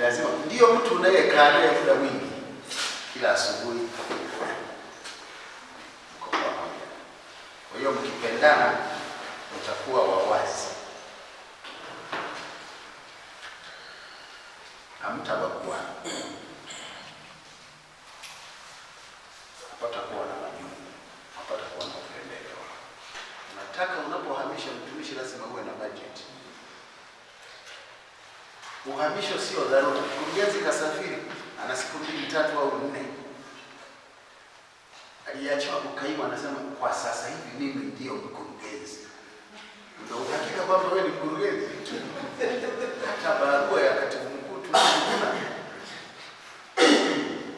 lazima ndio mtu unayekaa naye muda mwingi kila asubuhi mko Kwa hiyo mkipendana, mtakuwa wawazi, hamtabakua kuwa na majungu, kuwa na upendeleo. Nataka unapohamisha mtumishi, lazima uwe na bajeti. Uhamisho sio dharura. Mkurugenzi kasafiri, ana siku mbili tatu au nne, aliachwa ukaimu, anasema kwa sasa hivi mimi ndio mkurugenzi. Ndio uhakika kwamba wewe ni mkurugenzi? Hata barua ya katibu mkuu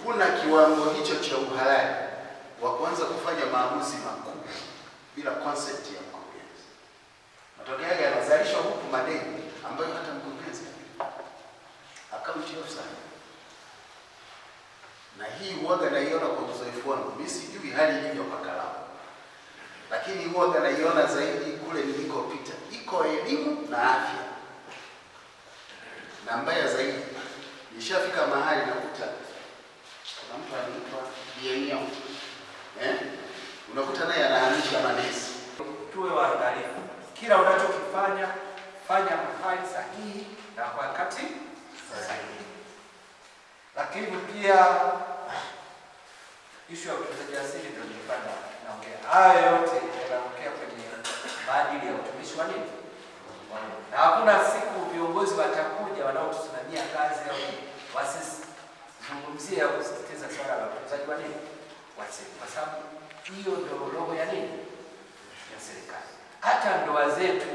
kuna kiwango hicho cha uhalali wa kuanza kufanya maamuzi makubwa bila concept ya mkurugenzi. Matokeo yake yanazalishwa huku madeni na hii huwaga naiona kwa uzoefu wangu. Mimi sijui hali ilivyo Pakalao, lakini huwaga naiona zaidi kule nilikopita, iko elimu na afya, na mbaya zaidi nishafika mahali nakuta kuna mtu anaitwa Bienio eh, unakuta naye anahamisha manesi. Tuwe waangalifu, kila unachokifanya fanya mahali sahihi na wakati sahihi, lakini pia ishu ya utunzaji asili ndio nilikuwa naongea. Haya yote yanaongea kwenye maadili ya utumishi wa nini, na hakuna siku viongozi watakuja wanaotusimamia kazi au wasizungumzie au kusisitiza swala la utunzaji wa nini wasili, kwa sababu hiyo ndio roho ya nini ya serikali. Hata ndoa zetu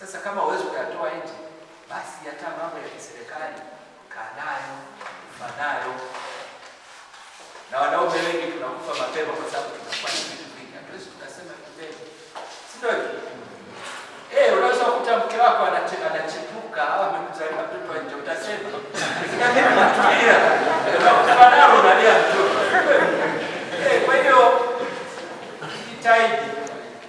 Sasa kama uwezi kuyatoa nje, basi hata mambo ya kiserikali kanayo fanayo. Na wanaume wengi tunakufa mapema kwa sababu tunafanya vitu vingi, hatuwezi tukasema kimbele, si ndio? Eh, unaweza kukuta mke wako anachepuka au amekuzalia mtoto nje, utasema ndio, unalia mtoto